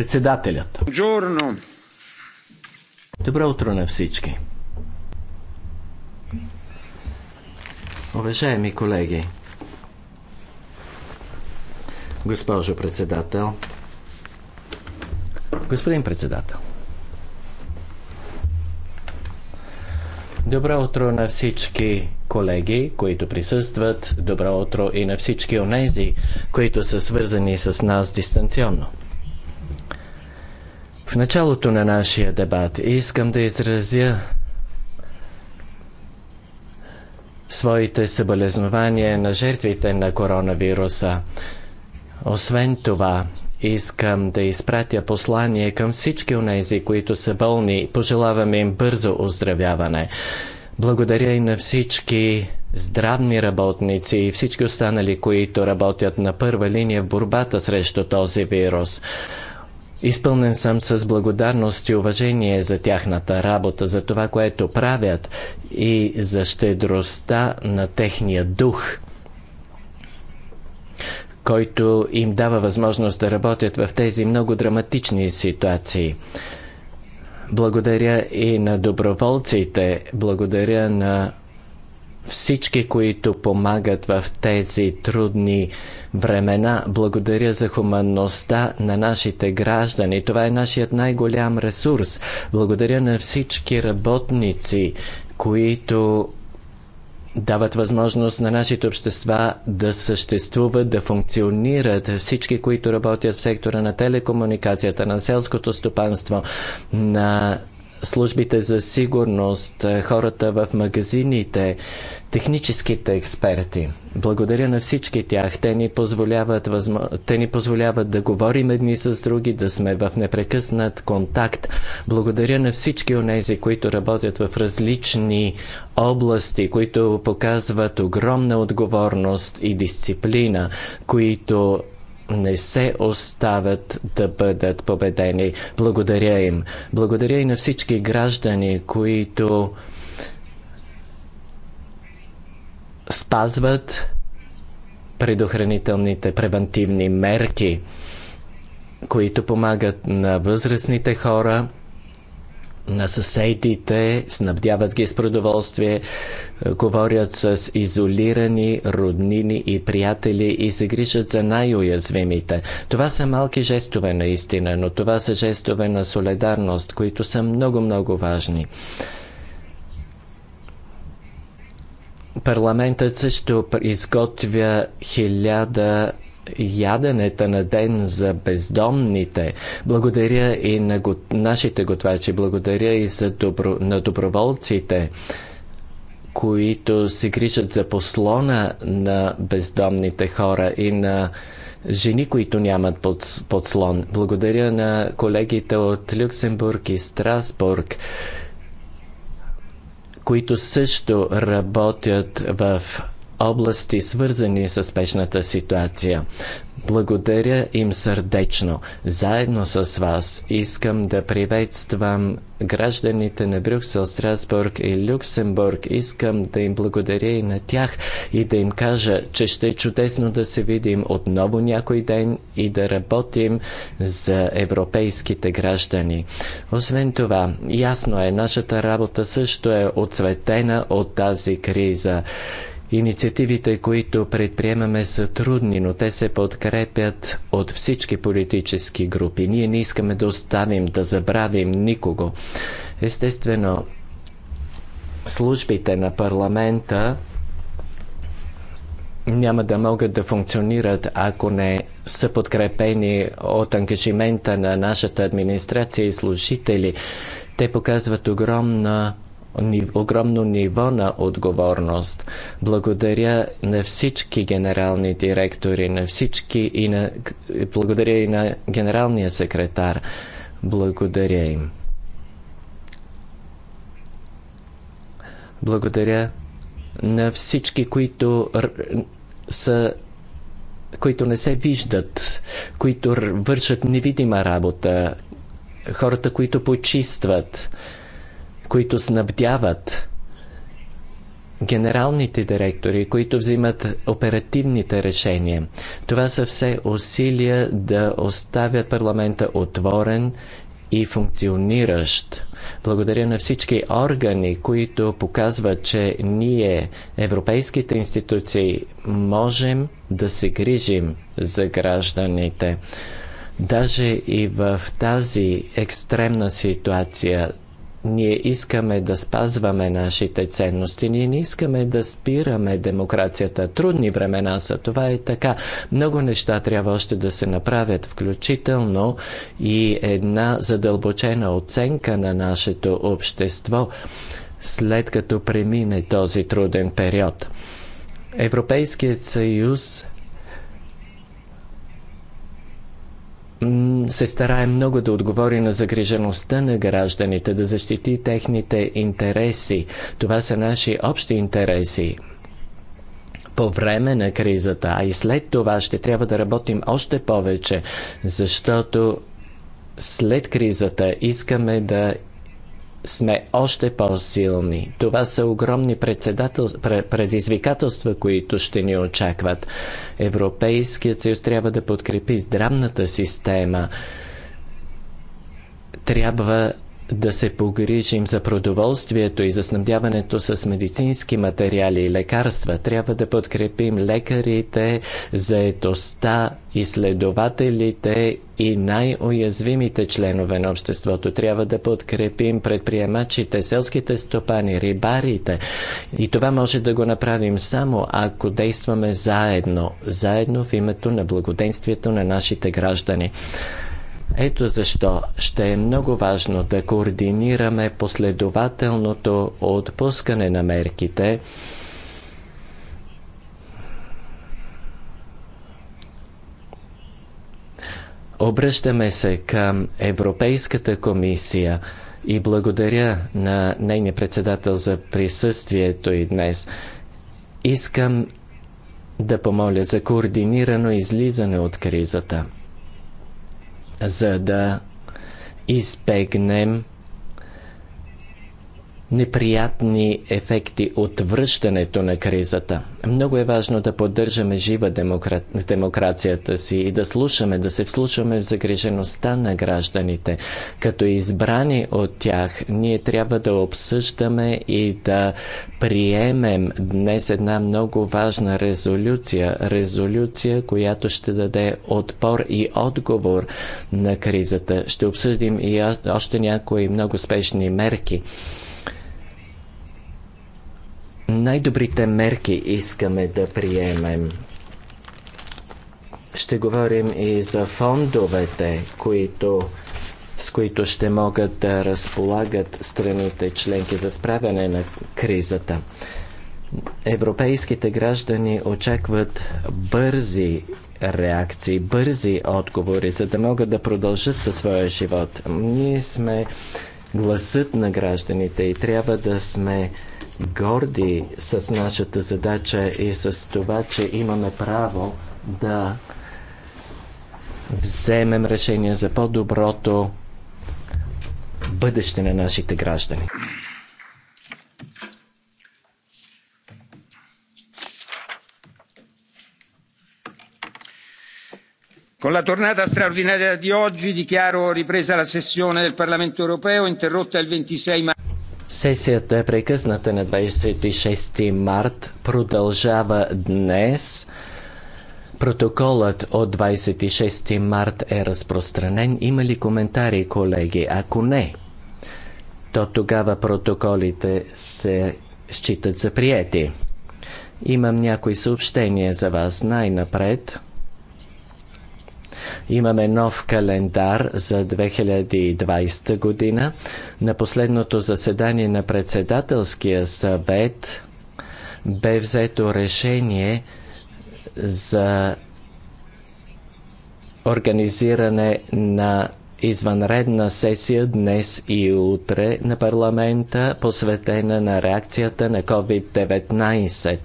Председателят. Джорно. Добро утро на всички. Уважаеми колеги, госпожо председател, господин председател, Добро утро на всички колеги, които присъстват. Добро утро и на всички онези, които са свързани с нас дистанционно. В началото на нашия дебат искам да изразя своите съболезнования на жертвите на коронавируса. Освен това, искам да изпратя послание към всички тези, които са болни. Пожелаваме им бързо оздравяване. Благодаря и на всички здравни работници и всички останали, които работят на първа линия в борбата срещу този вирус. Изпълнен съм с благодарност и уважение за тяхната работа, за това, което правят и за щедростта на техния дух, който им дава възможност да работят в тези много драматични ситуации. Благодаря и на доброволците, благодаря на всички, които помагат в тези трудни времена. Благодаря за хуманността на нашите граждани. Това е нашият най-голям ресурс. Благодаря на всички работници, които дават възможност на нашите общества да съществуват, да функционират. Всички, които работят в сектора на телекомуникацията, на селското стопанство, на службите за сигурност, е, хората в магазините, техническите експерти. Благодаря на всички тях. Те ни позволяват, възмо... Те ни позволяват да говорим едни с други, да сме в непрекъснат контакт. Благодаря на всички онези, които работят в различни области, които показват огромна отговорност и дисциплина, които не се оставят да бъдат победени. Благодаря им. Благодаря и на всички граждани, които спазват предохранителните превентивни мерки, които помагат на възрастните хора – на съседите, снабдяват ги с продоволствие, е, говорят с изолирани роднини и приятели и се грижат за най-уязвимите. Това са малки жестове наистина, но това са жестове на солидарност, които са много-много важни. Парламентът също изготвя хиляда яденета на ден за бездомните. Благодаря и на го, нашите готвачи, благодаря и за добро, на доброволците, които се грижат за послона на бездомните хора и на жени, които нямат под, подслон. Благодаря на колегите от Люксембург и Страсбург, които също работят в области, свързани с спешната ситуация. Благодаря им сърдечно. Заедно с вас искам да приветствам гражданите на Брюксел, Страсбург и Люксембург. Искам да им благодаря и на тях и да им кажа, че ще е чудесно да се видим отново някой ден и да работим за европейските граждани. Освен това, ясно е, нашата работа също е отцветена от тази криза. Инициативите, които предприемаме са трудни, но те се подкрепят от всички политически групи. Ние не искаме да оставим, да забравим никого. Естествено, службите на парламента няма да могат да функционират, ако не са подкрепени от ангажимента на нашата администрация и служители. Те показват огромна огромно ниво на отговорност. Благодаря на всички генерални директори, на всички и на... благодаря и на генералния секретар. Благодаря им. Благодаря на всички, които са които не се виждат, които вършат невидима работа, хората, които почистват, които снабдяват генералните директори, които взимат оперативните решения. Това са все усилия да оставят парламента отворен и функциониращ. Благодаря на всички органи, които показват, че ние, европейските институции, можем да се грижим за гражданите. Даже и в тази екстремна ситуация ние искаме да спазваме нашите ценности, ние не искаме да спираме демокрацията. Трудни времена са, това е така. Много неща трябва още да се направят, включително и една задълбочена оценка на нашето общество, след като премине този труден период. Европейският съюз се старае много да отговори на загрижеността на гражданите, да защити техните интереси. Това са наши общи интереси. По време на кризата, а и след това ще трябва да работим още повече, защото след кризата искаме да сме още по-силни. Това са огромни предизвикателства, които ще ни очакват. Европейският съюз трябва да подкрепи здравната система. Трябва да се погрижим за продоволствието и за снабдяването с медицински материали и лекарства. Трябва да подкрепим лекарите, заетостта, изследователите и най-уязвимите членове на обществото. Трябва да подкрепим предприемачите, селските стопани, рибарите. И това може да го направим само ако действаме заедно. Заедно в името на благоденствието на нашите граждани. Ето защо ще е много важно да координираме последователното отпускане на мерките, Обръщаме се към Европейската комисия и благодаря на нейния председател за присъствието и днес. Искам да помоля за координирано излизане от кризата за да избегнем неприятни ефекти от връщането на кризата. Много е важно да поддържаме жива демокра... демокрацията си и да слушаме, да се вслушваме в загрижеността на гражданите. Като избрани от тях, ние трябва да обсъждаме и да приемем днес една много важна резолюция. Резолюция, която ще даде отпор и отговор на кризата. Ще обсъдим и още някои много спешни мерки най-добрите мерки искаме да приемем. Ще говорим и за фондовете, които, с които ще могат да разполагат страните членки за справяне на кризата. Европейските граждани очакват бързи реакции, бързи отговори, за да могат да продължат със своя живот. Ние сме гласът на гражданите и трябва да сме горди с нашата задача и с това, че имаме право да вземем решение за по-доброто бъдеще на нашите граждани. Con la tornata straordinaria di oggi dichiaro ripresa la sessione del Parlamento europeo interrotta il 26 marzo. Сесията е прекъсната на 26 март, продължава днес. Протоколът от 26 март е разпространен. Има ли коментари, колеги? Ако не, то тогава протоколите се считат за приети. Имам някои съобщения за вас най-напред. Имаме нов календар за 2020 година. На последното заседание на председателския съвет бе взето решение за организиране на извънредна сесия днес и утре на парламента, посветена на реакцията на COVID-19.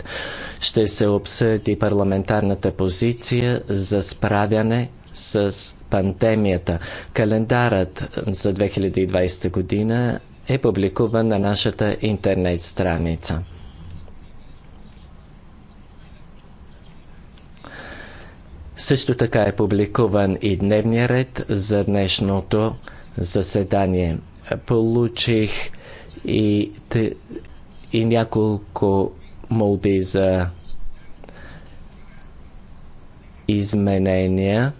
Ще се обсъди парламентарната позиция за справяне с пандемията. Календарът за 2020 година е публикуван на нашата интернет страница. Също така е публикуван и дневния ред за днешното заседание. Получих и, и няколко молби за изменения.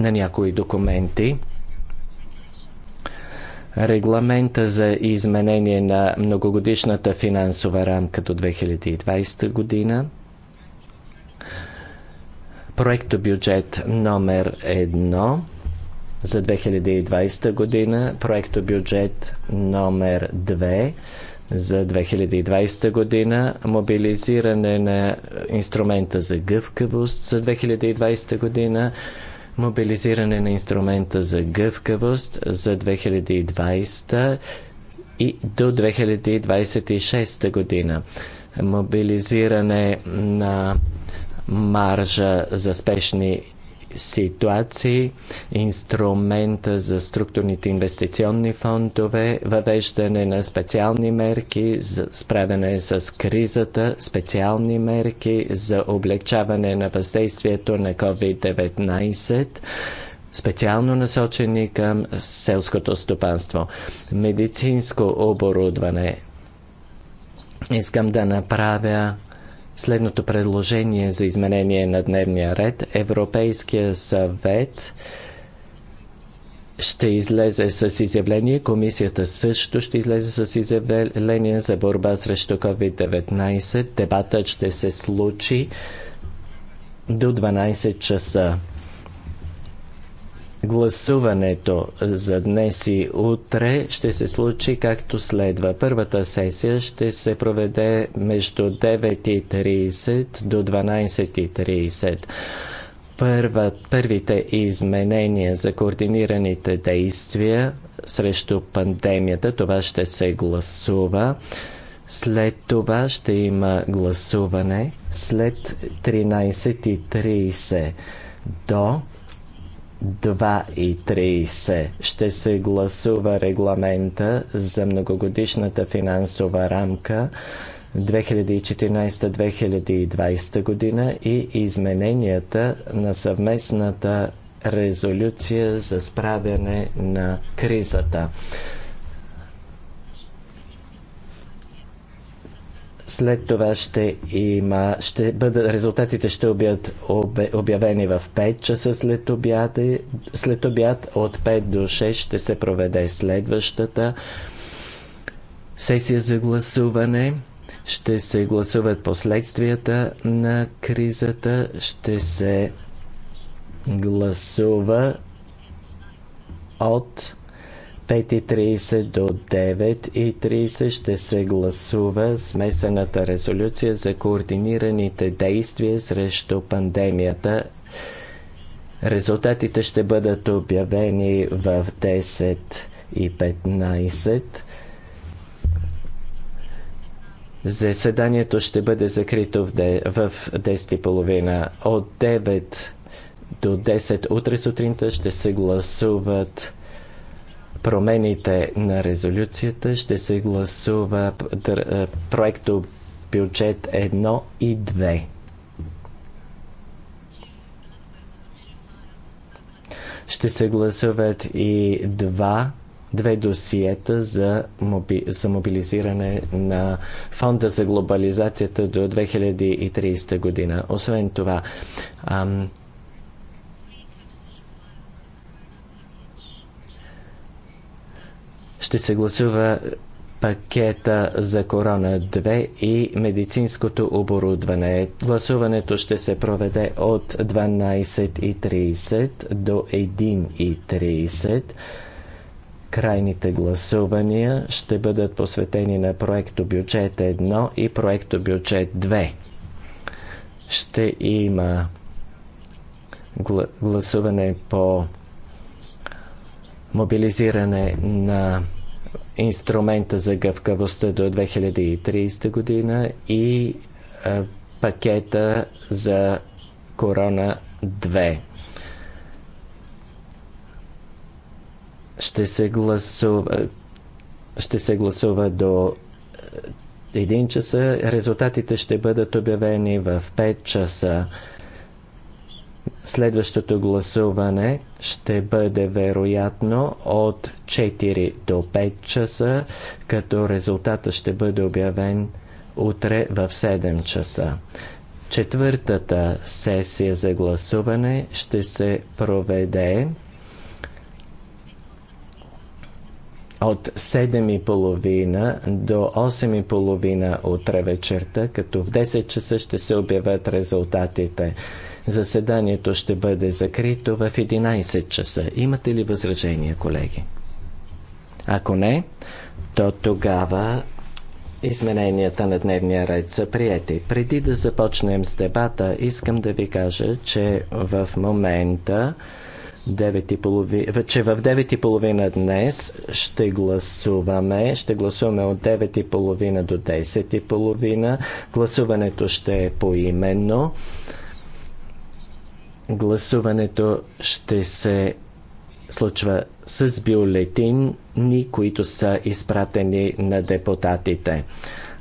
на някои документи. Регламента за изменение на многогодишната финансова рамка до 2020 година. бюджет номер 1 за 2020 година. бюджет номер 2 за 2020 година, мобилизиране на инструмента за гъвкавост за 2020 година, мобилизиране на инструмента за гъвкавост за 2020 и до 2026 година. Мобилизиране на маржа за спешни ситуации, инструмента за структурните инвестиционни фондове, въвеждане на специални мерки за справяне с кризата, специални мерки за облегчаване на въздействието на COVID-19 специално насочени към селското стопанство. Медицинско оборудване. Искам да направя следното предложение за изменение на дневния ред. Европейския съвет ще излезе с изявление, комисията също ще излезе с изявление за борба срещу COVID-19. Дебатът ще се случи до 12 часа. Гласуването за днес и утре ще се случи както следва. Първата сесия ще се проведе между 9.30 до 12.30. Първа, първите изменения за координираните действия срещу пандемията, това ще се гласува. След това ще има гласуване след 13.30 до 2 и ще се гласува регламента за многогодишната финансова рамка 2014-2020 година и измененията на съвместната резолюция за справяне на кризата. След това ще има, ще бъдат, резултатите ще бъдат обявени в 5 часа след обяд, след обяд. От 5 до 6 ще се проведе следващата сесия за гласуване. Ще се гласуват последствията на кризата. Ще се гласува от 5.30 до 9.30 ще се гласува смесената резолюция за координираните действия срещу пандемията. Резултатите ще бъдат обявени в 10.15. Заседанието ще бъде закрито в 10.30. От 9 до 10 утре сутринта ще се гласуват промените на резолюцията ще се гласува е, проекто бюджет 1 и 2. Ще се гласуват и два, две досиета за, моби, за мобилизиране на фонда за глобализацията до 2030 година. Освен това, ам, ще се гласува пакета за Корона 2 и медицинското оборудване. Гласуването ще се проведе от 12.30 до 1.30. Крайните гласувания ще бъдат посветени на проекто бюджет 1 и проекто бюджет 2. Ще има гласуване по мобилизиране на инструмента за гъвкавостта до 2030 година и а, пакета за Корона 2. Ще се гласува, ще се гласува до 1 часа. Резултатите ще бъдат обявени в 5 часа. Следващото гласуване ще бъде вероятно от 4 до 5 часа, като резултата ще бъде обявен утре в 7 часа. Четвъртата сесия за гласуване ще се проведе от 7.30 до 8.30 утре вечерта, като в 10 часа ще се обявят резултатите. Заседанието ще бъде закрито в 11 часа. Имате ли възражения, колеги? Ако не, то тогава измененията на дневния ред са приети. Преди да започнем с дебата, искам да ви кажа, че в момента че в 9.30 днес ще гласуваме. Ще гласуваме от 9.30 до 10.30. Гласуването ще е поименно. Гласуването ще се случва с бюлетини, които са изпратени на депутатите.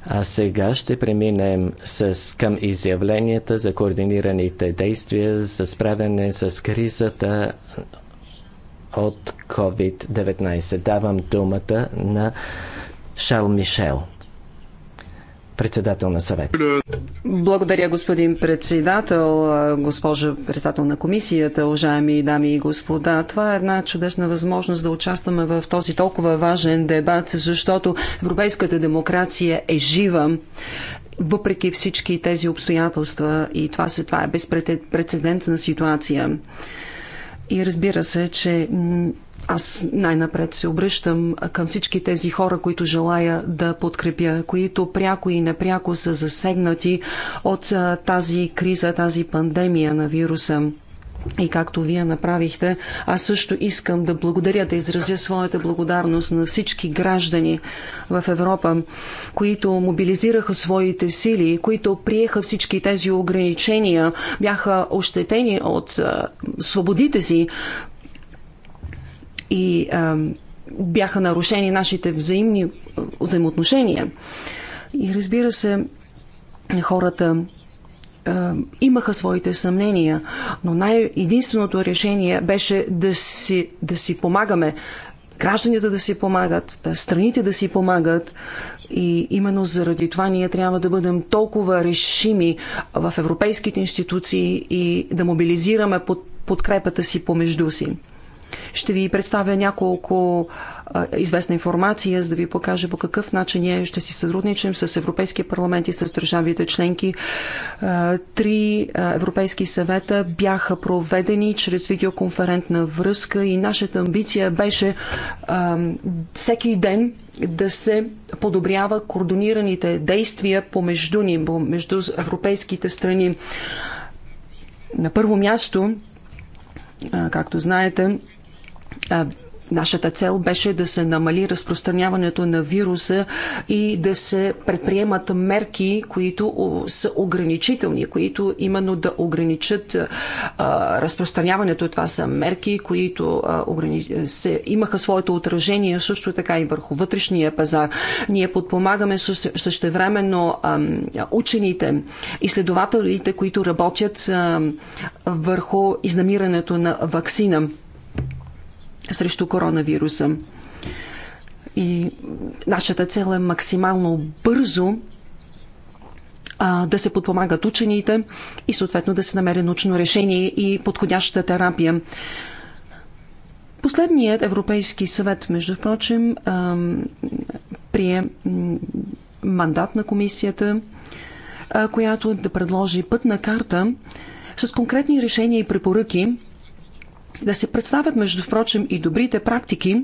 А сега ще преминем с, към изявленията за координираните действия за справяне с кризата от COVID-19. Давам думата на Шал Мишел председател на съвет. Благодаря, господин председател, госпожо председател на комисията, уважаеми дами и господа. Това е една чудесна възможност да участваме в този толкова важен дебат, защото европейската демокрация е жива въпреки всички тези обстоятелства и това, се, това е безпрецедентна ситуация. И разбира се, че аз най-напред се обръщам към всички тези хора, които желая да подкрепя, които пряко и непряко са засегнати от тази криза, тази пандемия на вируса. И както вие направихте, аз също искам да благодаря, да изразя своята благодарност на всички граждани в Европа, които мобилизираха своите сили, които приеха всички тези ограничения, бяха ощетени от свободите си, и а, бяха нарушени нашите взаимни взаимоотношения. И разбира се, хората имаха своите съмнения, но най-единственото решение беше да си, да си помагаме, гражданите да си помагат, страните да си помагат и именно заради това ние трябва да бъдем толкова решими в европейските институции и да мобилизираме под подкрепата си помежду си. Ще ви представя няколко известна информация, за да ви покажа по какъв начин ние ще си сътрудничим с Европейския парламент и с държавите членки. Три европейски съвета бяха проведени чрез видеоконферентна връзка и нашата амбиция беше всеки ден да се подобрява координираните действия помежду ни, между европейските страни. На първо място, както знаете, Нашата цел беше да се намали разпространяването на вируса и да се предприемат мерки, които са ограничителни, които именно да ограничат разпространяването. Това са мерки, които се, имаха своето отражение също така и върху вътрешния пазар. Ние подпомагаме същевременно учените, изследователите, които работят върху изнамирането на вакцина срещу коронавируса. И нашата цел е максимално бързо а, да се подпомагат учените и съответно да се намери научно решение и подходяща терапия. Последният Европейски съвет, между прочим, а, прие мандат на комисията, а, която да предложи пътна карта с конкретни решения и препоръки да се представят, между впрочем, и добрите практики,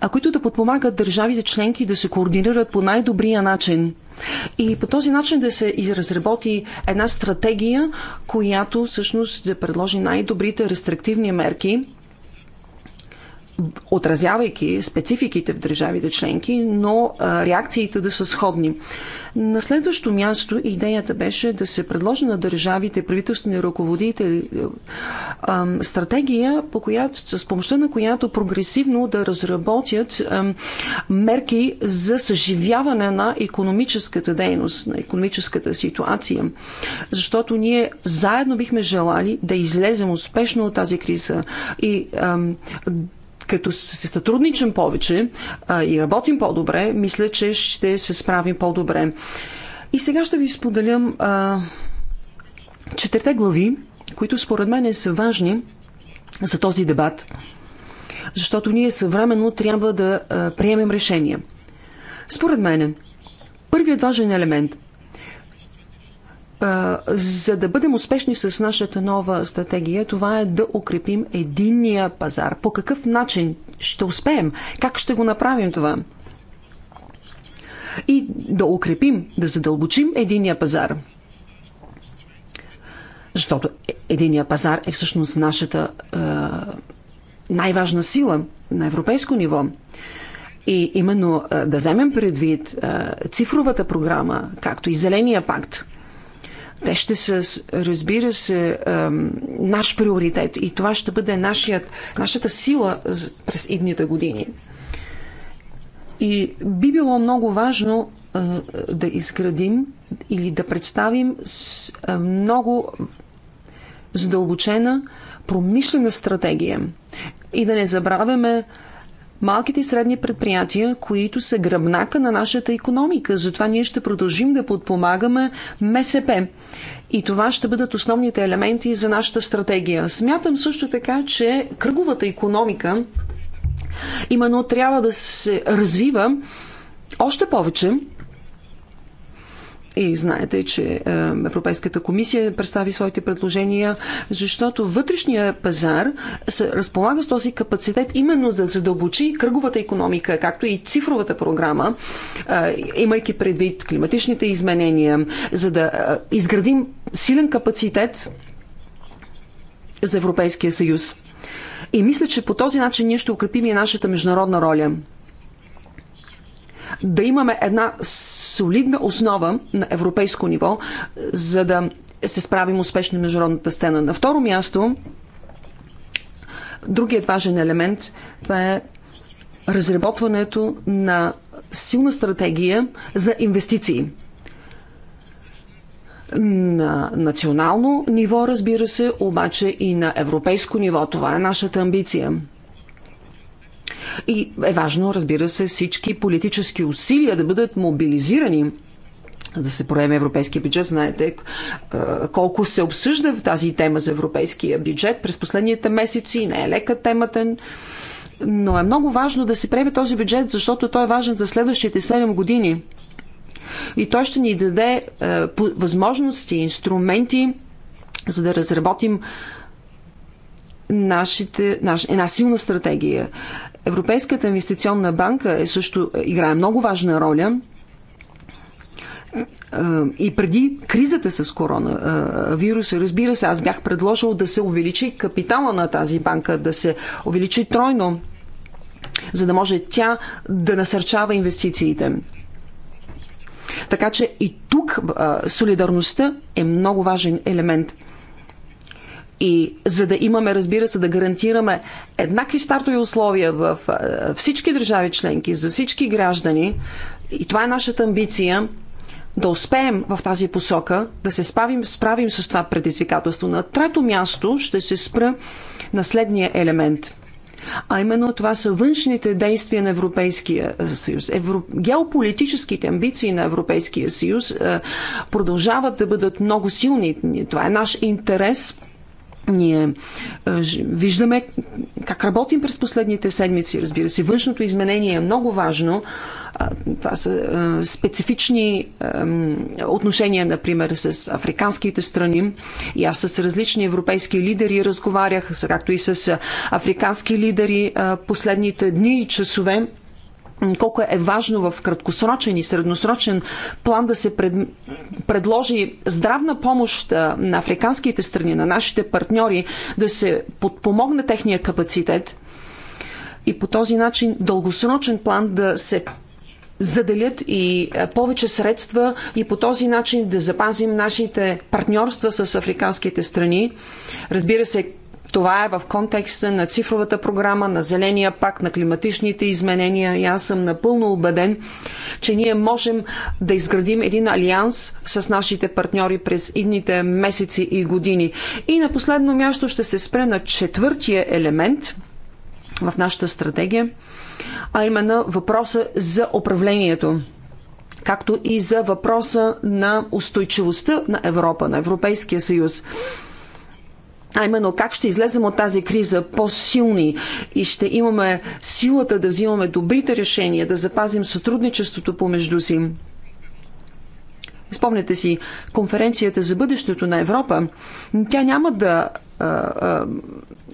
а които да подпомагат държавите членки да се координират по най-добрия начин. И по този начин да се разработи една стратегия, която всъщност да предложи най-добрите рестриктивни мерки отразявайки спецификите в държавите членки, но реакциите да са сходни. На следващо място идеята беше да се предложи на държавите, правителствени ръководители, стратегия, по която, с помощта на която прогресивно да разработят мерки за съживяване на економическата дейност, на економическата ситуация. Защото ние заедно бихме желали да излезем успешно от тази криза и като се сътрудничам повече а, и работим по-добре, мисля, че ще се справим по-добре. И сега ще ви споделям а, четирите глави, които според мен са важни за този дебат, защото ние съвременно трябва да а, приемем решения. Според мен, първият важен елемент за да бъдем успешни с нашата нова стратегия, това е да укрепим единния пазар. По какъв начин ще успеем? Как ще го направим това? И да укрепим, да задълбочим единния пазар. Защото е, единния пазар е всъщност нашата е, най-важна сила на европейско ниво. И именно да вземем предвид цифровата програма, както и Зеления пакт, ще са, разбира се, наш приоритет и това ще бъде нашият, нашата сила през идните години. И би било много важно да изградим или да представим много задълбочена промишлена стратегия. И да не забравяме малките и средни предприятия, които са гръбнака на нашата економика. Затова ние ще продължим да подпомагаме МСП. И това ще бъдат основните елементи за нашата стратегия. Смятам също така, че кръговата економика именно трябва да се развива още повече и знаете, че е, Европейската комисия представи своите предложения, защото вътрешния пазар се разполага с този капацитет именно да задълбочи кръговата економика, както и цифровата програма, е, имайки предвид климатичните изменения, за да е, изградим силен капацитет за Европейския съюз. И мисля, че по този начин ние ще укрепим и нашата международна роля да имаме една солидна основа на европейско ниво, за да се справим успешно на международната стена. На второ място, другият важен елемент, това е разработването на силна стратегия за инвестиции. На национално ниво, разбира се, обаче и на европейско ниво. Това е нашата амбиция. И е важно, разбира се, всички политически усилия да бъдат мобилизирани да се проеме европейския бюджет. Знаете е, колко се обсъжда тази тема за европейския бюджет през последните месеци. Не е лека темата. Но е много важно да се приеме този бюджет, защото той е важен за следващите 7 години. И той ще ни даде е, възможности, инструменти, за да разработим нашите, наш, една силна стратегия. Европейската инвестиционна банка е също играе много важна роля е, е, и преди кризата с коронавируса, е, разбира се, аз бях предложил да се увеличи капитала на тази банка, да се увеличи тройно, за да може тя да насърчава инвестициите. Така че и тук солидарността е много важен елемент. И за да имаме, разбира се, да гарантираме еднакви стартови условия в всички държави членки, за всички граждани, и това е нашата амбиция, да успеем в тази посока, да се справим, справим с това предизвикателство. На трето място ще се спра на следния елемент. А именно това са външните действия на Европейския съюз. Евро... Геополитическите амбиции на Европейския съюз е, продължават да бъдат много силни. Това е наш интерес ние е, виждаме как работим през последните седмици. Разбира се, външното изменение е много важно. Това са е, специфични отношения, например, с африканските страни. И аз с различни европейски лидери разговарях, както и с е, африкански лидери последните дни и часове колко е важно в краткосрочен и средносрочен план да се пред, предложи здравна помощ на африканските страни, на нашите партньори, да се подпомогне техния капацитет и по този начин дългосрочен план да се заделят и повече средства и по този начин да запазим нашите партньорства с африканските страни. Разбира се, това е в контекста на цифровата програма, на зеления пак, на климатичните изменения и аз съм напълно убеден, че ние можем да изградим един алианс с нашите партньори през идните месеци и години. И на последно място ще се спре на четвъртия елемент в нашата стратегия, а именно въпроса за управлението както и за въпроса на устойчивостта на Европа, на Европейския съюз а именно как ще излезем от тази криза по-силни и ще имаме силата да взимаме добрите решения, да запазим сътрудничеството помежду си. Спомнете си конференцията за бъдещето на Европа. Тя няма да а, а,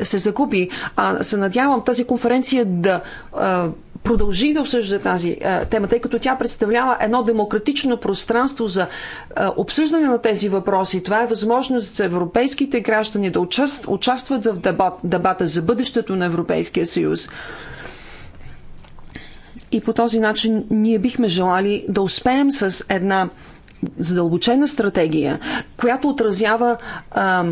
се загуби, а се надявам тази конференция да а, продължи да обсъжда тази тема, тъй като тя представлява едно демократично пространство за обсъждане на тези въпроси. Това е възможност за европейските граждани да участват в дебат, дебата за бъдещето на Европейския съюз. И по този начин ние бихме желали да успеем с една задълбочена стратегия, която отразява а,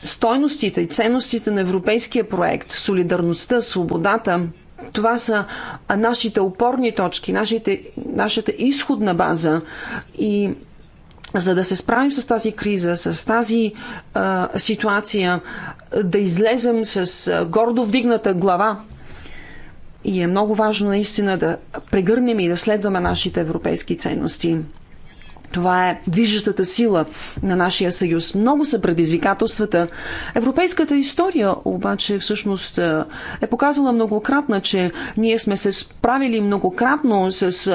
стойностите и ценностите на европейския проект, солидарността, свободата, това са нашите опорни точки, нашите, нашата изходна база. И за да се справим с тази криза, с тази а, ситуация, да излезем с гордо вдигната глава. И е много важно наистина да прегърнем и да следваме нашите европейски ценности. Това е движещата сила на нашия съюз. Много са предизвикателствата. Европейската история обаче всъщност е, е показала многократно, че ние сме се справили многократно с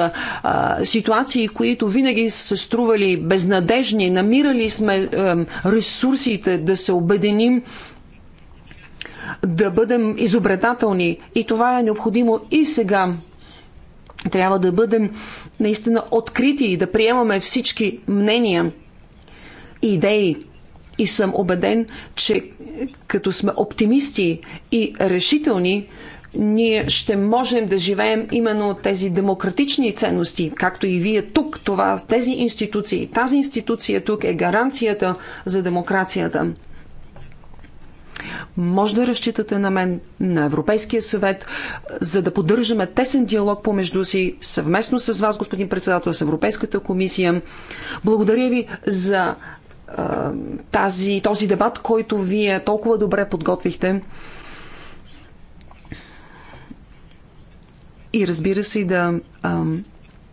а, е, ситуации, които винаги са стрували безнадежни. Намирали сме а, е, ресурсите да се обединим да бъдем изобретателни. И това е необходимо и сега. Трябва да бъдем наистина открити и да приемаме всички мнения и идеи. И съм убеден, че като сме оптимисти и решителни, ние ще можем да живеем именно тези демократични ценности, както и вие тук, това, тези институции. Тази институция тук е гаранцията за демокрацията. Може да разчитате на мен, на Европейския съвет, за да поддържаме тесен диалог помежду си, съвместно с вас, господин председател, с Европейската комисия. Благодаря ви за а, тази, този дебат, който вие толкова добре подготвихте. И разбира се, да а,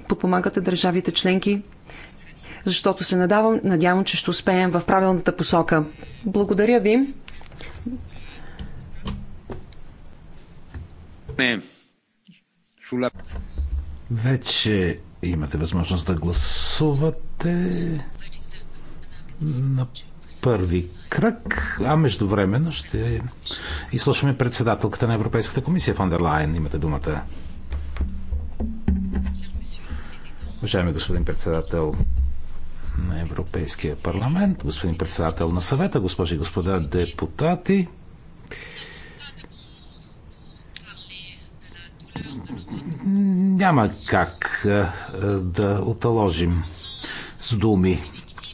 подпомагате държавите членки защото се надавам, надявам, че ще успеем в правилната посока. Благодаря ви. Не. Шуля. Вече имате възможност да гласувате на първи кръг, а междувременно ще изслушаме председателката на Европейската комисия Фондерлайн. Имате думата. Уважаеми господин председател, на Европейския парламент, господин председател на съвета, госпожи и господа депутати. Няма как е, да оталожим с думи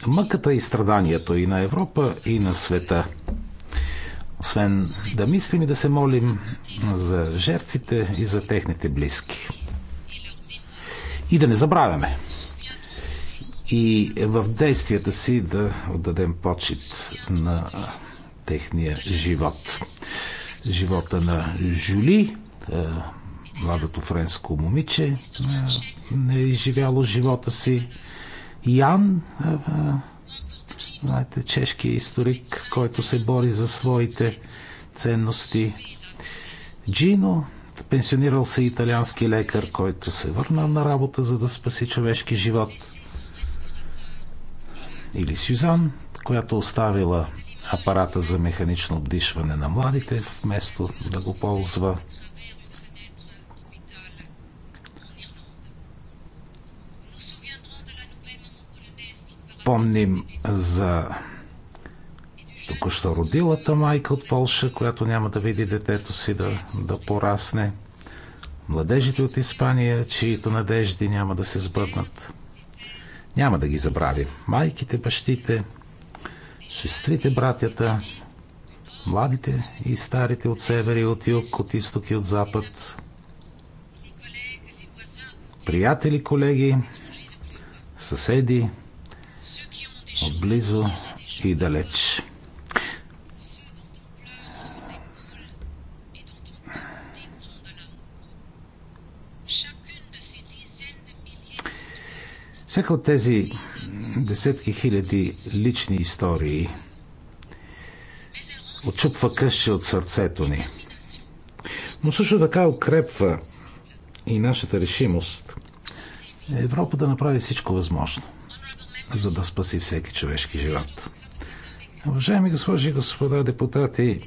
мъката и страданието и на Европа, и на света. Освен да мислим и да се молим за жертвите и за техните близки. И да не забравяме – и в действията си да отдадем почет на техния живот. Живота на Жули, младото френско момиче, не е изживяло живота си. Ян, знаете, чешкия историк, който се бори за своите ценности. Джино, пенсионирал се италиански лекар, който се върна на работа, за да спаси човешки живот или Сюзан, която оставила апарата за механично обдишване на младите, вместо да го ползва. Помним за току-що родилата майка от Полша, която няма да види детето си да, да порасне. Младежите от Испания, чието надежди няма да се сбъднат. Няма да ги забравим. Майките, бащите, сестрите, братята, младите и старите от север и от юг, от изток и от запад, приятели, колеги, съседи, отблизо и далеч. Всяка от тези десетки хиляди лични истории отчупва къщи от сърцето ни. Но също така укрепва и нашата решимост Европа да направи всичко възможно, за да спаси всеки човешки живот. Уважаеми госпожи и господа депутати,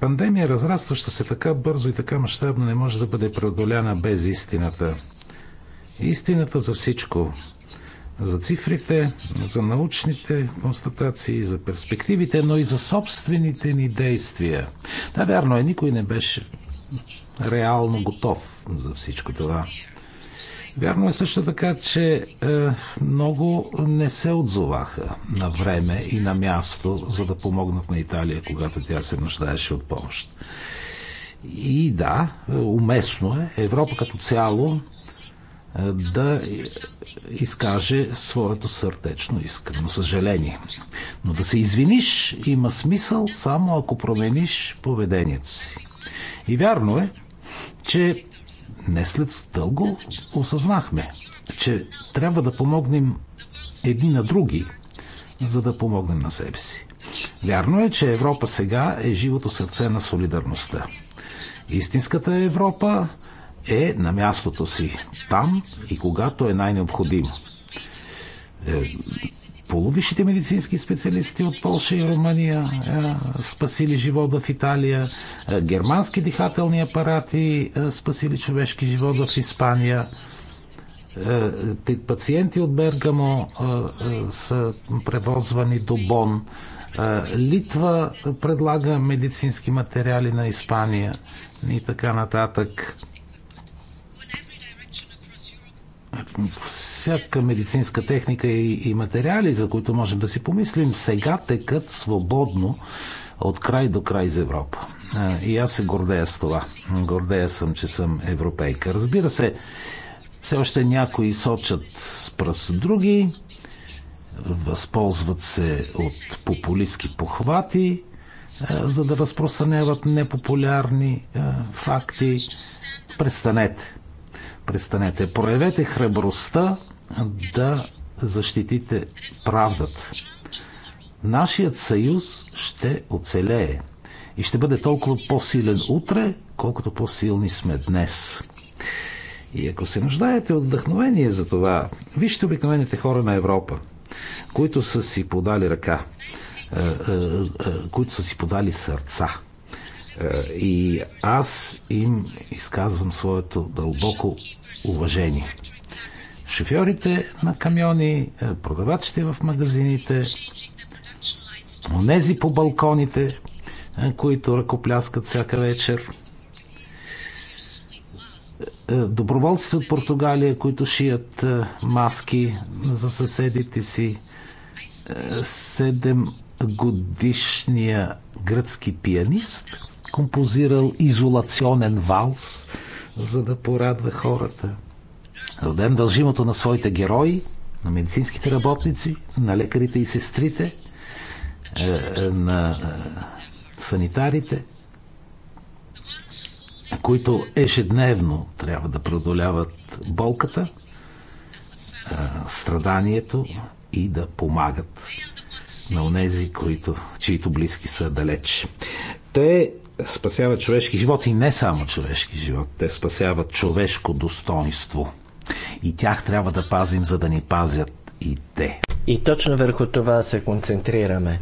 пандемия, разрастваща се така бързо и така мащабно, не може да бъде преодоляна без истината. Истината за всичко, за цифрите, за научните констатации, за перспективите, но и за собствените ни действия. Да, вярно е, никой не беше реално готов за всичко това. Вярно е също така, че е, много не се отзоваха на време и на място, за да помогнат на Италия, когато тя се нуждаеше от помощ. И да, уместно е Европа като цяло да изкаже своето сърдечно искрено съжаление. Но да се извиниш има смисъл само ако промениш поведението си. И вярно е, че не след дълго осъзнахме, че трябва да помогнем едни на други, за да помогнем на себе си. Вярно е, че Европа сега е живото сърце на солидарността. Истинската Европа е на мястото си там и когато е най-необходимо. Е, половишите медицински специалисти от Польша и Румъния е, спасили живот в Италия, е, германски дихателни апарати е, спасили човешки живот в Испания, е, пациенти от Бергамо е, е, са превозвани до Бон. Е, Литва предлага медицински материали на Испания и така нататък. всяка медицинска техника и, и материали, за които можем да си помислим, сега текат свободно от край до край за Европа. И аз се гордея с това. Гордея съм, че съм европейка. Разбира се, все още някои сочат с пръст други, възползват се от популистски похвати, за да разпространяват непопулярни факти. Престанете престанете. Проявете храбростта да защитите правдата. Нашият съюз ще оцелее и ще бъде толкова по-силен утре, колкото по-силни сме днес. И ако се нуждаете от вдъхновение за това, вижте обикновените хора на Европа, които са си подали ръка, е, е, е, които са си подали сърца. Е, и аз им изказвам своето дълбоко уважение. Шофьорите на камиони, е, продавачите в магазините, онези по балконите, е, които ръкопляскат всяка вечер, доброволците от Португалия, които шият маски за съседите си, седем годишния гръцки пианист – композирал изолационен валс, за да порадва хората. Отдем дължимото на своите герои, на медицинските работници, на лекарите и сестрите, е, е, на е, санитарите, които ежедневно трябва да продоляват болката, страданието и да помагат на онези, които, чието близки са далеч. Те спасяват човешки живот и не само човешки живот. Те спасяват човешко достоинство. И тях трябва да пазим, за да ни пазят и те. И точно върху това се концентрираме.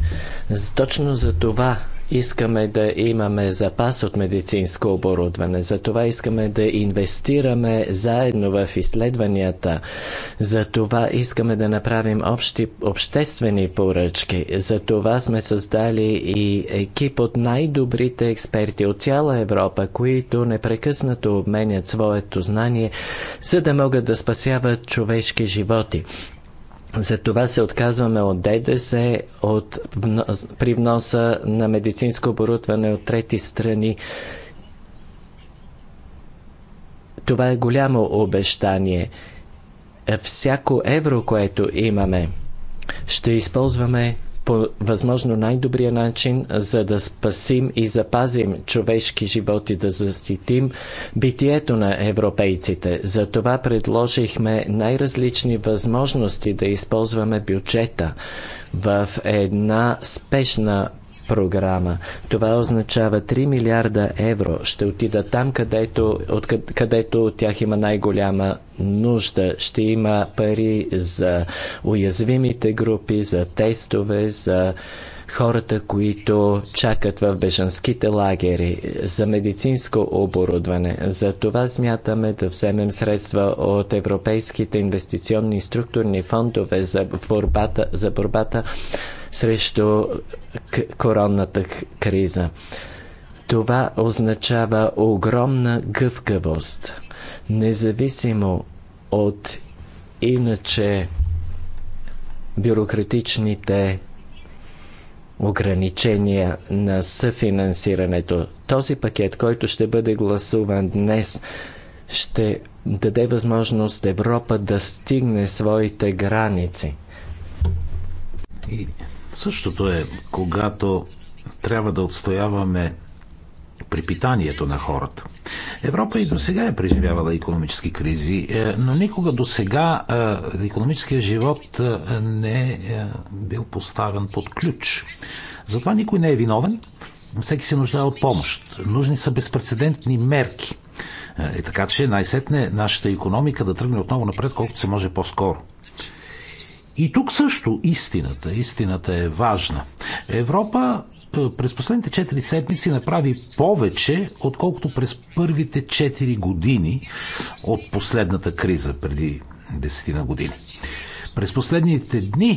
Точно за това Искаме да имаме запас от медицинско оборудване. Затова искаме да инвестираме заедно в изследванията. Затова искаме да направим общи, обществени поръчки. Затова сме създали и екип от най-добрите експерти от цяла Европа, които непрекъснато обменят своето знание, за да могат да спасяват човешки животи. Затова се отказваме от ДДС, от привноса на медицинско оборудване от трети страни. Това е голямо обещание. Всяко евро, което имаме, ще използваме по възможно най-добрия начин, за да спасим и запазим човешки животи, да защитим битието на европейците. Затова предложихме най-различни възможности да използваме бюджета в една спешна програма. Това означава 3 милиарда евро ще отидат там, където, от, където от тях има най-голяма нужда. Ще има пари за уязвимите групи, за тестове, за хората, които чакат в бежанските лагери, за медицинско оборудване. За това смятаме да вземем средства от европейските инвестиционни структурни фондове за борбата, за борбата срещу коронната криза. Това означава огромна гъвкавост. Независимо от иначе бюрократичните ограничения на съфинансирането. Този пакет, който ще бъде гласуван днес, ще даде възможност Европа да стигне своите граници. Същото е, когато трябва да отстояваме припитанието на хората. Европа и до сега е преживявала економически кризи, е, но никога до сега економическия живот е, не е, е бил поставен под ключ. Затова никой не е виновен, всеки се нуждае от помощ. Нужни са безпредседентни мерки. Е, така че най-сетне нашата економика да тръгне отново напред, колкото се може по-скоро. И тук също истината, истината е важна. Европа е, през последните 4 седмици направи повече, отколкото през първите 4 години от последната криза преди 10 години. През последните дни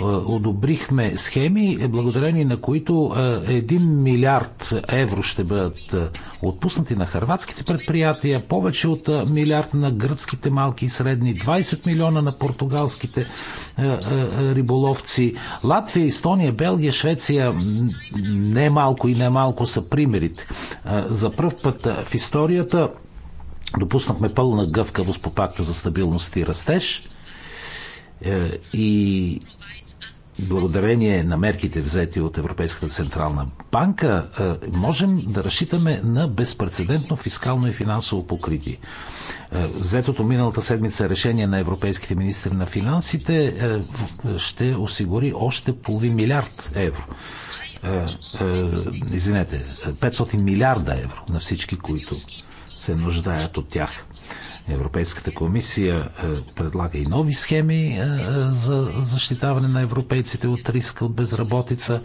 е, одобрихме схеми, благодарение на които 1 е, милиард евро ще бъдат е, отпуснати на харватските предприятия, повече от милиард на гръцките малки и средни, 20 милиона на португалските риболовци. Латвия, Естония, Белгия, Швеция не малко и не малко са примерите. За първ път в историята допуснахме пълна гъвкавост по пакта за стабилност и растеж – е, и благодарение на мерките взети от Европейската централна банка, е, можем да разчитаме на безпредседентно фискално и финансово покритие. Е, взетото миналата седмица решение на европейските министри на финансите ще осигури още половин милиард евро. Извинете, 500 милиарда евро на всички, които се нуждаят от тях. Европейската комисия е, предлага и нови схеми е, е, за защитаване на европейците от риска от безработица.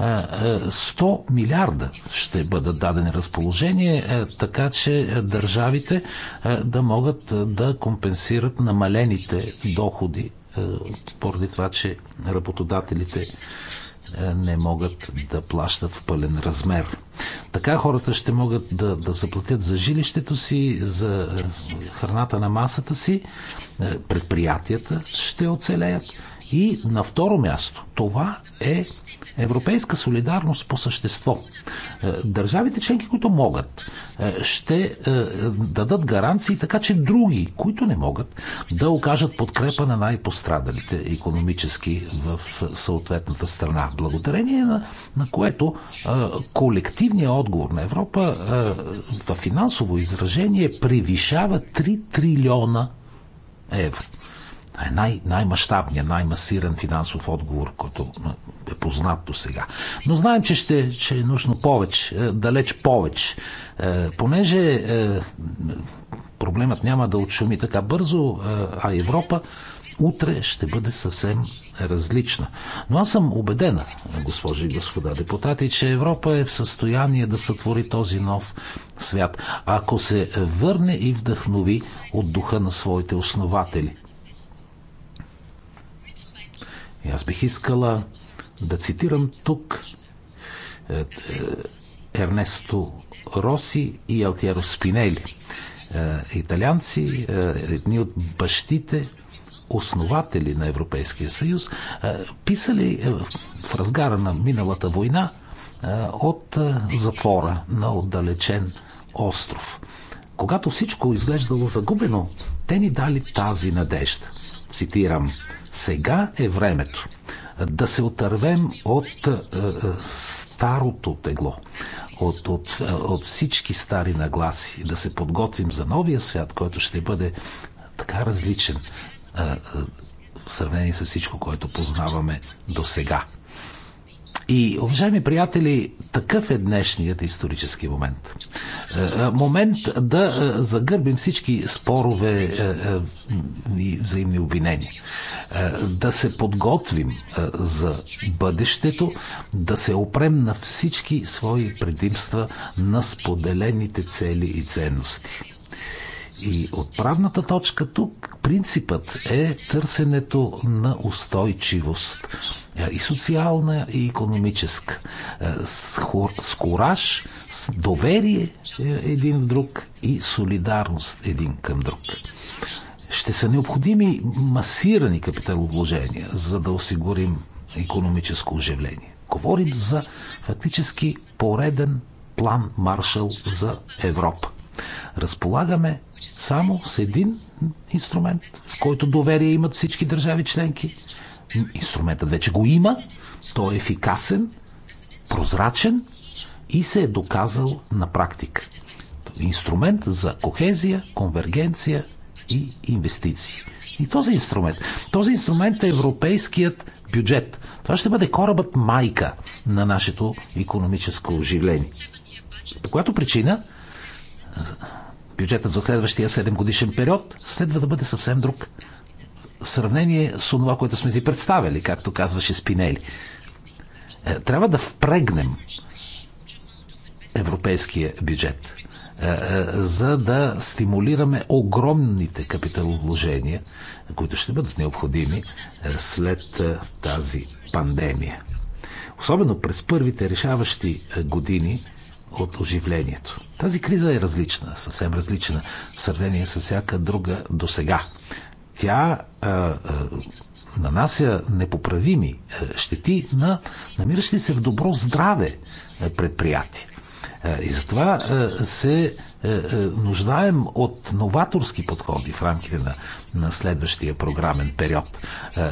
100 милиарда ще бъдат дадени разположение, така че държавите да могат да компенсират намалените доходи поради това, че работодателите е, не могат да плащат в пълен размер. Така хората ще могат да, да заплатят за жилището си, за е, храната на масата си, е, предприятията ще оцелеят. И на второ място, това е европейска солидарност по същество. Е, държавите членки, които могат, е, ще е, дадат гаранции така, че други, които не могат, да окажат подкрепа на най-пострадалите економически в съответната страна. Благодарение на, на което колективният отговор на Европа в финансово изражение превишава 3 трилиона евро е най- най-масштабният, най-масиран финансов отговор, който е познат до сега. Но знаем, че ще че е нужно повече, е, далеч повече, е, понеже е, проблемът няма да отшуми така бързо, а Европа утре ще бъде съвсем различна. Но аз съм убедена, госпожи и господа депутати, че Европа е в състояние да сътвори този нов свят, ако се върне и вдъхнови от духа на своите основатели – и аз бих искала да цитирам тук е, е, Ернесто Роси и Алтиеро Спинели, е, италианци, едни от бащите основатели на Европейския съюз, писали в разгара на миналата война от затвора на отдалечен остров. Когато всичко изглеждало загубено, те ни дали тази надежда. Цитирам – сега е времето да се отървем от е, е старото тегло, от, от, е, от всички стари нагласи, да се подготвим за новия свят, който ще бъде така различен е, е, в сравнение с всичко, което познаваме до сега. И, уважаеми приятели, такъв е днешният исторически момент. Е, е, момент да е, загърбим всички спорове и взаимни обвинения. Да се подготвим за бъдещето, да се опрем на всички свои предимства на споделените цели и ценности. И отправната точка тук Принципът е търсенето на устойчивост е, и социална, и економическа. Е, с, хор, с кораж, с доверие е, един в друг и солидарност един към друг. Ще са необходими масирани капиталовложения, за да осигурим економическо оживление. Говорим за фактически пореден план Маршал за Европа. Разполагаме само с един инструмент, в който доверие имат всички държави членки. Инструментът вече го има, той е ефикасен, прозрачен и се е доказал на практика. Е инструмент за кохезия, конвергенция и инвестиции. И този инструмент. Този инструмент е европейският бюджет. Това ще бъде корабът майка на нашето економическо оживление. По която причина Бюджета за следващия 7 годишен период следва да бъде съвсем друг в сравнение с това, което сме си представили, както казваше Спинели. Е, трябва да впрегнем европейския бюджет, е, е, за да стимулираме огромните капиталовложения, които ще бъдат необходими след тази пандемия. Особено през първите решаващи години от оживлението. Тази криза е различна, съвсем различна в сравнение с всяка друга до сега. Тя а, а, нанася непоправими щети на намиращи се в добро здраве предприятия. Е, и затова е, се е, нуждаем от новаторски подходи в рамките на, на следващия програмен период,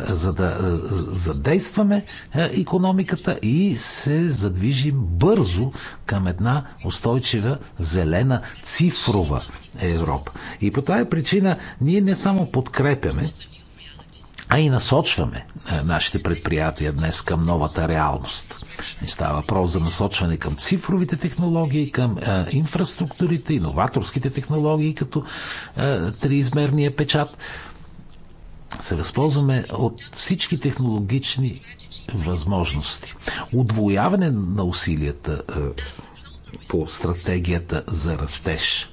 за да задействаме економиката и се задвижим бързо към една устойчива, зелена, цифрова Европа. И по тази причина ние не само подкрепяме а и насочваме е, нашите предприятия днес към новата реалност. Не става въпрос за насочване към цифровите технологии, към а, е, инфраструктурите, иноваторските технологии, като а, е, триизмерния печат. Се възползваме от всички технологични възможности. Удвояване на усилията а, по стратегията за растеж.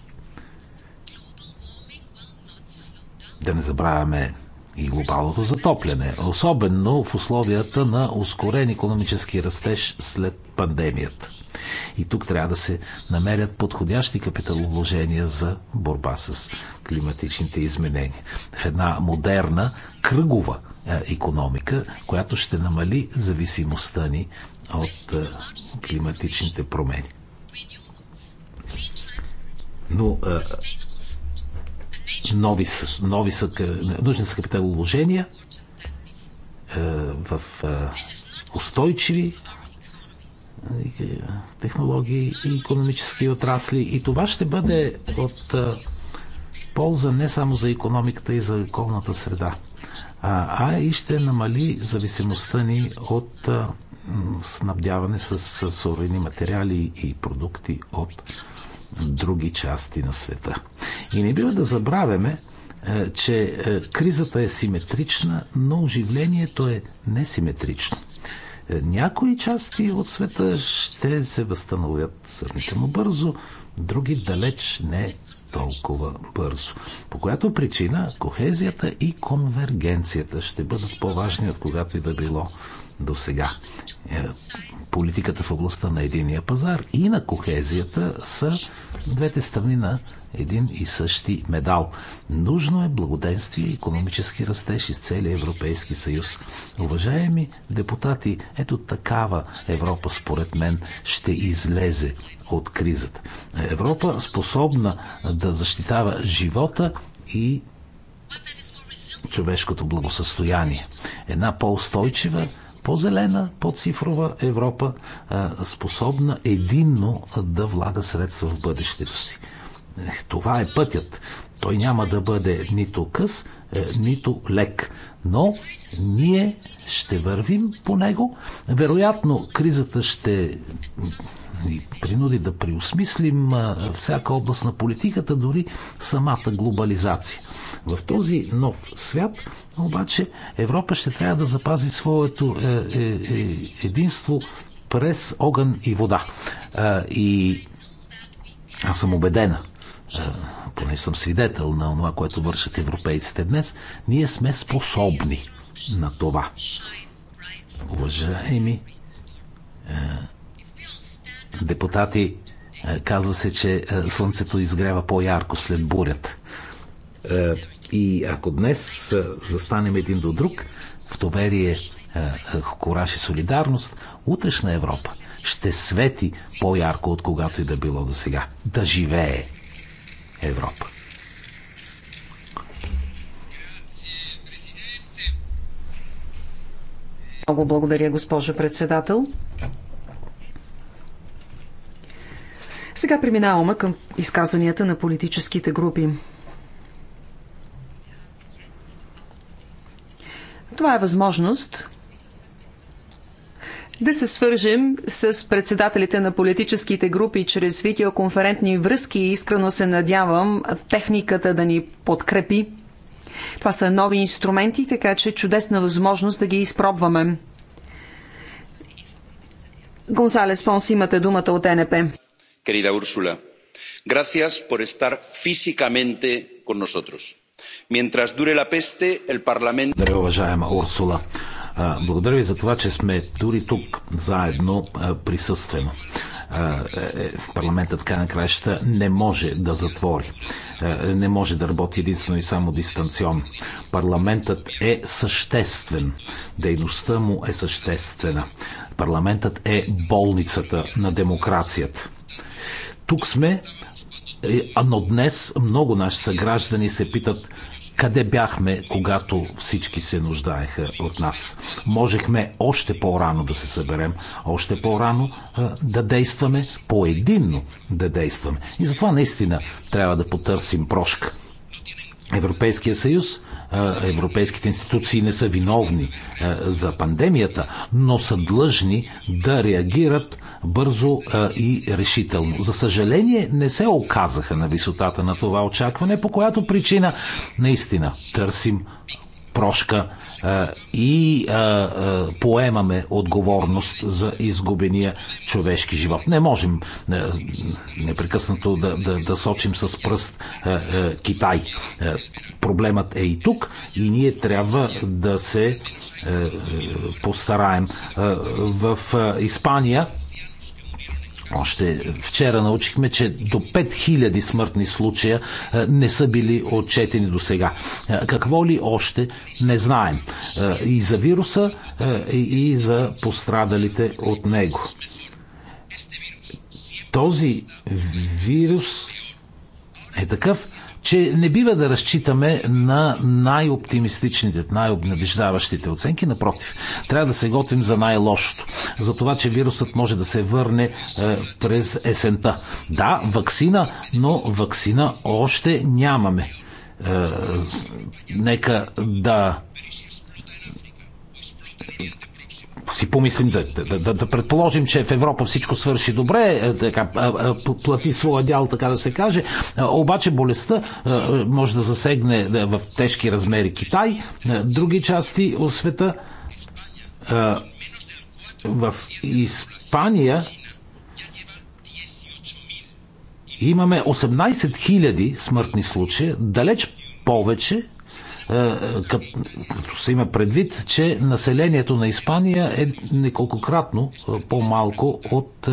Да не забравяме и глобалното затопляне, особено в условията на ускорен економически растеж след пандемията. И тук трябва да се намерят подходящи капиталовложения за борба с климатичните изменения. В една модерна, кръгова економика, която ще намали зависимостта ни от е, климатичните промени. Но е, нови, нови са, нужни са капиталовложения е, в е, устойчиви е, технологии и економически отрасли. И това ще бъде от полза не само за економиката и за околната среда, а и ще намали зависимостта ни от снабдяване с суровини материали и продукти от в други части на света. И не бива да забравяме, е, че е, кризата е симетрична, но оживлението е несиметрично. Е, някои части от света ще се възстановят сравнително бързо, други далеч не толкова бързо. По която причина кохезията и конвергенцията ще бъдат по-важни от когато и да било до сега. Е, политиката в областта на единия пазар и на кохезията са двете страни на един и същи медал. Нужно е благоденствие и економически растеж из целия Европейски съюз. Уважаеми депутати, ето такава Европа, според мен, ще излезе от кризата. Европа способна да защитава живота и човешкото благосъстояние. Една по-устойчива по-зелена, по-цифрова Европа, способна единно да влага средства в бъдещето си. Е, това е пътят. Той няма да бъде нито къс, е, нито лек. Но ние ще вървим по него. Вероятно, кризата ще ни принуди да преосмислим всяка област на политиката, дори самата глобализация. В този нов свят обаче Европа ще трябва да запази своето е, е, е, единство през огън и вода. И аз съм убедена, поне съм свидетел на това, което вършат европейците днес, ние сме способни на това. Уважаеми депутати. Е, казва се, че е, слънцето изгрява по-ярко след бурята. Е, и ако днес застанем един до друг в доверие, кораж и солидарност, утрешна Европа ще свети по-ярко от когато и да било до сега. Да живее Европа! Много благодаря, госпожо председател. Сега преминаваме към изказванията на политическите групи. Това е възможност да се свържем с председателите на политическите групи чрез видеоконферентни връзки и искрено се надявам техниката да ни подкрепи. Това са нови инструменти, така че чудесна възможност да ги изпробваме. Гонсалес Понс, имате думата от НП querida ursula gracias por estar físicamente con nosotros. mientras dure la peste el parlamento. Е, е, парламентът така на краища не може да затвори. Не може да работи единствено и само дистанционно. Парламентът е съществен. Дейността му е съществена. Парламентът е болницата на демокрацията. Тук сме, е, но днес много наши съграждани се питат къде бяхме, когато всички се нуждаеха от нас. Можехме още по-рано да се съберем, още по-рано е, да действаме, по-единно да действаме. И затова наистина трябва да потърсим прошка. Европейския съюз Европейските институции не са виновни за пандемията, но са длъжни да реагират бързо и решително. За съжаление, не се оказаха на висотата на това очакване, по която причина наистина търсим прошка и поемаме отговорност за изгубения човешки живот. Не можем непрекъснато да, да, да сочим с пръст Китай. Проблемът е и тук и ние трябва да се постараем. В Испания още вчера научихме, че до 5000 смъртни случая е, не са били отчетени до сега. Е, какво ли още не знаем. Е, и за вируса, и за пострадалите от него. Този вирус е такъв, че не бива да разчитаме на най-оптимистичните, най-обнадеждаващите оценки. Напротив, трябва да се готвим за най-лошото. За това, че вирусът може да се върне е, през есента. Да, вакцина, но вакцина още нямаме. Е, нека да си помислим, да, да, да, да предположим, че в Европа всичко свърши добре, е, е, така, е, плати своя дял, така да се каже, обаче болестта може да засегне в тежки размери Китай, други части от света. В Испания имаме 18 000 смъртни случая, далеч повече е, като се има предвид, че населението на Испания е неколкократно е, по-малко от е,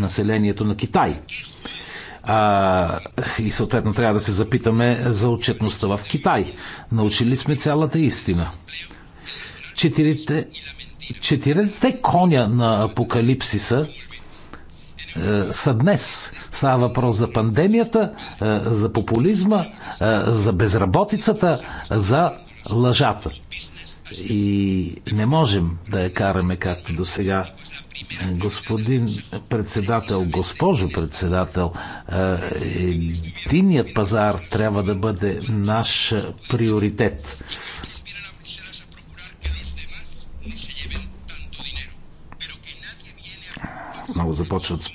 населението на Китай. А, и съответно трябва да се запитаме за отчетността в Китай. Научили сме цялата истина. Четирите, четирите коня на Апокалипсиса е, са днес. Става въпрос за пандемията, е, за популизма, е, за безработицата, за лъжата. И не можем да я караме както до сега. Господин председател, госпожо председател, единният пазар трябва да бъде наш приоритет. Много започват с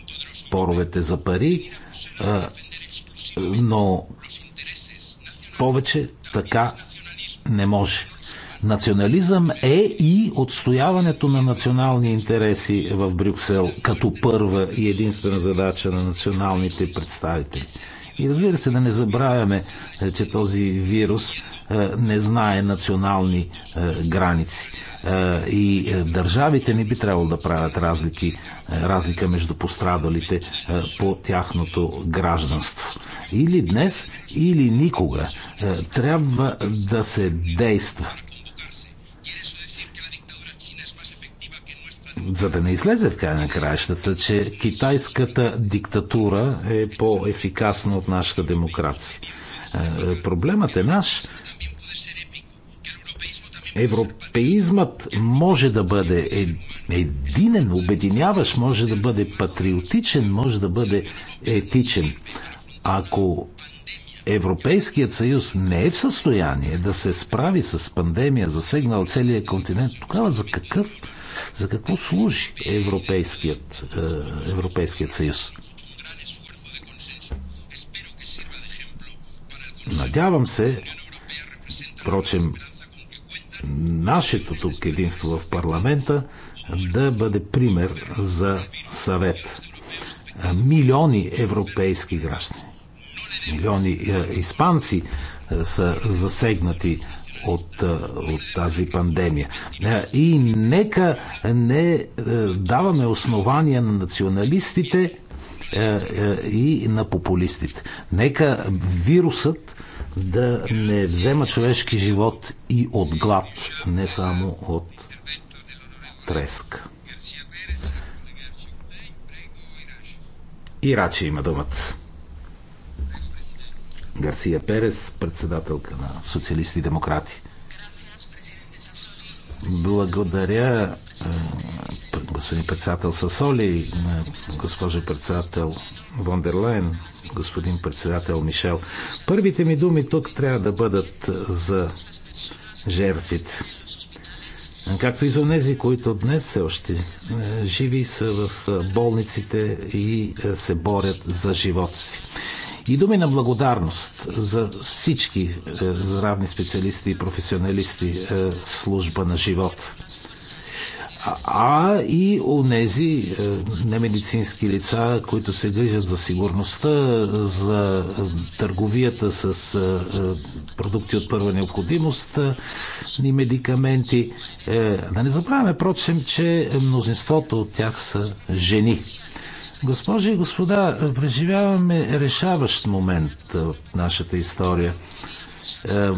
споровете за пари, но повече така не може. Национализъм е и отстояването на национални интереси в Брюксел като първа и единствена задача на националните представители. И разбира се, да не забравяме, е, че този вирус е, не знае национални е, граници. И държавите не би трябвало да правят разлики, разлика между пострадалите по тяхното гражданство. Или днес, или никога трябва да се действа за да не излезе в края на краищата, че китайската диктатура е по-ефикасна от нашата демокрация. Е, проблемът е наш. Европеизмът може да бъде е, единен, обединяващ, може да бъде патриотичен, може да бъде етичен. Ако Европейският съюз не е в състояние да се справи с пандемия, засегнал целия континент, тогава за какъв за какво служи Европейският, е, Европейският съюз? Надявам се, впрочем, нашето тук единство в парламента да бъде пример за съвет. Милиони европейски граждани, милиони е, испанци е, са засегнати от, от тази пандемия. И нека не е, даваме основания на националистите е, е, и на популистите. Нека вирусът да не взема човешки живот и от глад, не само от треск. Ирачи има думата. Гарсия Перес, председателка на социалисти и демократи. Благодаря, е, господин председател Сасоли, госпожо председател Вондерлайн, господин председател Мишел. Първите ми думи тук трябва да бъдат за жертвите. Както и за тези, които днес все още е, живи са в е, болниците и се борят за живота си. И думи на благодарност за всички е, здравни специалисти и професионалисти е, в служба на живот а и у нези е, немедицински лица, които се грижат за сигурността, за е, търговията с е, продукти от първа необходимост и медикаменти. Да не забравяме, прочим, че мнозинството от тях са жени. Госпожи и господа, преживяваме решаващ момент в нашата история. Е,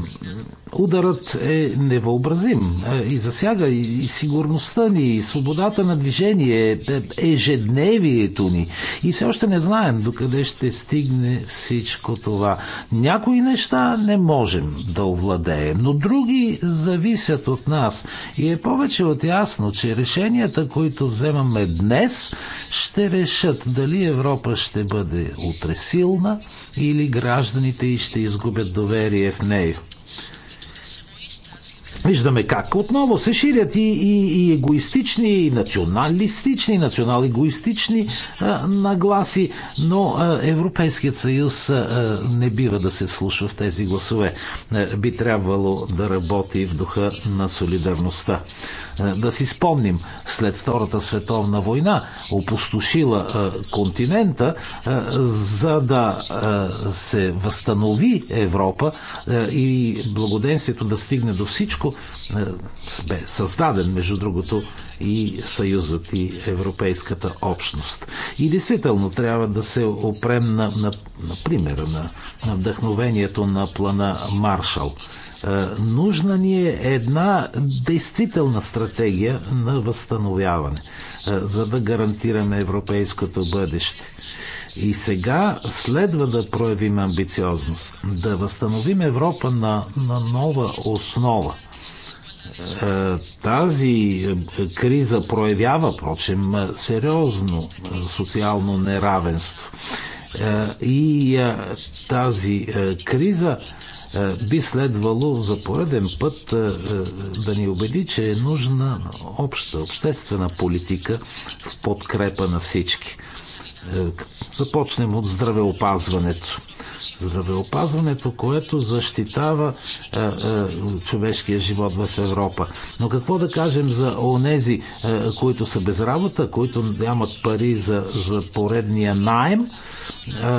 ударът е невъобразим е, и засяга и сигурността ни, и свободата на движение, е, ежедневието ни. И все още не знаем докъде ще стигне всичко това. Някои неща не можем да овладеем, но други зависят от нас. И е повече от ясно, че решенията, които вземаме днес, ще решат дали Европа ще бъде утре силна или гражданите и ще изгубят доверие в нея. Виждаме как отново се ширят и, и, и егоистични, и националистични, и национал-егоистични а, нагласи, но а, Европейският съюз а, не бива да се вслушва в тези гласове. А, би трябвало да работи в духа на солидарността. Е, да си спомним, след Втората световна война, опустошила е, континента, е, за да се възстанови Европа и благоденствието да стигне до всичко, бе създаден, между другото, и Съюзът и Европейската общност. И действително трябва да се опрем на, на, на примера, на, на вдъхновението на плана Маршал – е, нужна ни е една действителна стратегия на възстановяване, е, за да гарантираме европейското бъдеще. И сега следва да проявим амбициозност, да възстановим Европа на, на нова основа е, тази криза проявява, впрочем, сериозно социално неравенство. Е, и е, тази е, криза би следвало за пореден път да ни убеди, че е нужна обща, обществена политика в подкрепа на всички. Е, започнем от здравеопазването. Здравеопазването, което защитава е, е, човешкия живот в Европа. Но какво да кажем за онези, е, които са без работа, които нямат пари за, за поредния найем е,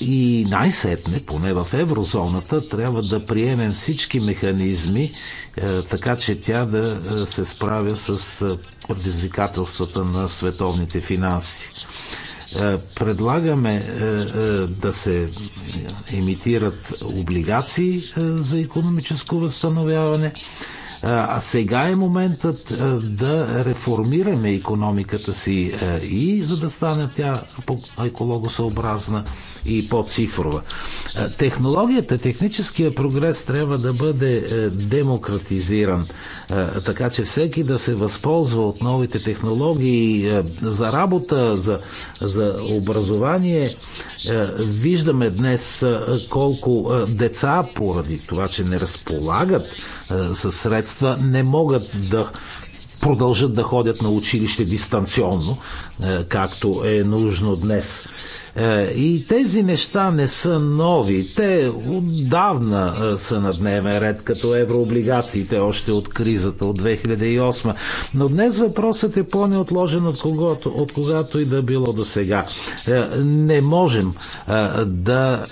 и най-сетне, поне в еврозоната, трябва да приемем всички механизми, е, така че тя да е, се справя с е, предизвикателствата на световните финанси. Е, предлагаме е, е, да се емитират облигации за економическо възстановяване а сега е моментът да реформираме економиката си и за да стане тя по-екологосъобразна и по-цифрова. Технологията, техническия прогрес трябва да бъде е, демократизиран, така че всеки да се възползва от новите технологии за работа, за, за образование. Виждаме днес колко деца, поради това, че не разполагат със средства, средства не могат да продължат да ходят на училище дистанционно, е, както е нужно днес. Е, и тези неща не са нови. Те отдавна е, са на дневен ред, като еврооблигациите още от кризата от 2008. Но днес въпросът е по-неотложен от, когото, от когато и да било до сега. Не можем да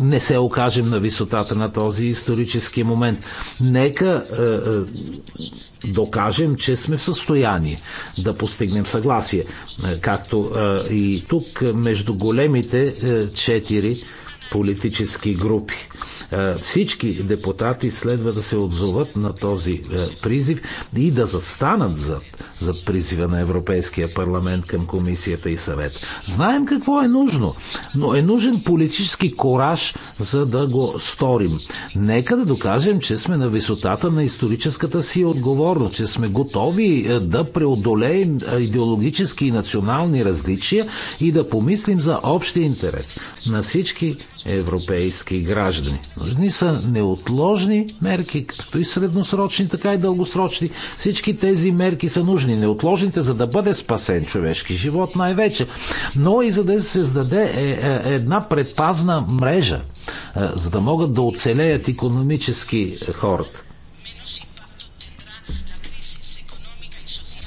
не се окажем на висотата на този исторически момент. Нека докажем покажем, че сме в състояние да постигнем съгласие. Е, както е, и тук е, между големите четири политически групи. Е, всички депутати следва да се отзоват на този е, призив и да застанат за за призива на Европейския парламент към комисията и съвет. Знаем какво е нужно, но е нужен политически кораж, за да го сторим. Нека да докажем, че сме на висотата на историческата си отговорност, че сме готови е, да преодолеем идеологически и национални различия и да помислим за общия интерес на всички европейски граждани. Нужни са неотложни мерки, както и средносрочни, така и дългосрочни. Всички тези мерки са нужни. Неотложните, за да бъде спасен човешки живот най-вече, но и за да се създаде е, е, една предпазна мрежа, е, за да могат да оцелеят економически хората.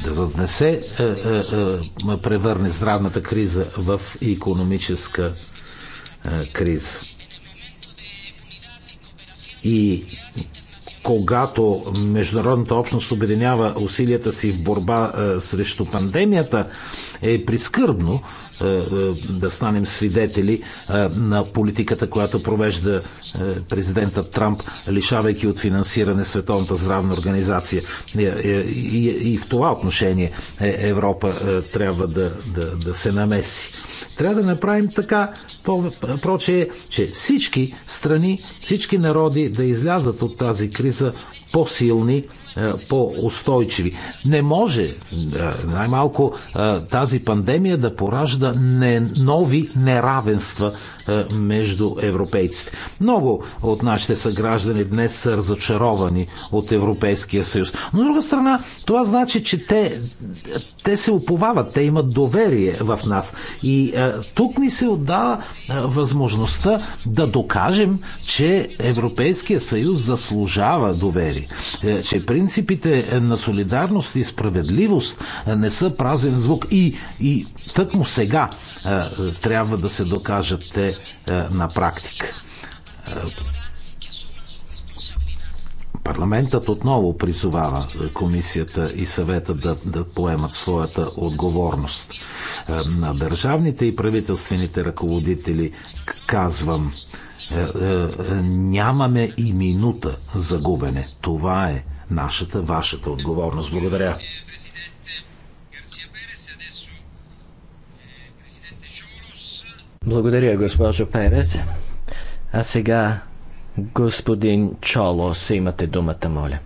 за да не се превърне здравната криза в економическа криза. И когато международната общност обединява усилията си в борба срещу пандемията, е прискърбно е, е, да станем свидетели е, на политиката, която провежда президента Трамп, лишавайки от финансиране Световната здравна организация. И в това отношение Европа трябва да, да, да се намеси. Трябва да направим така, проче, че всички страни, всички народи да излязат от тази криза по-силни е, по-устойчиви. Не може е, най-малко е, тази пандемия да поражда не, нови неравенства между европейците. Много от нашите съграждани днес са разочаровани от Европейския съюз. Но, от друга страна, това значи, че те, те се уповават, те имат доверие в нас. И тук ни се отдава възможността да докажем, че Европейския съюз заслужава доверие. Че при принципите на солидарност и справедливост не са празен звук и, и тъкмо сега е, трябва да се докажат те е, на практика. Е, парламентът отново призовава комисията и съвета да, да поемат своята отговорност. На държавните и правителствените ръководители казвам, нямаме и минута за губене. Това е нашата, вашата отговорност. Благодаря. Благодаря, госпожо Перес. А сега, господин Чолос, имате думата, моля.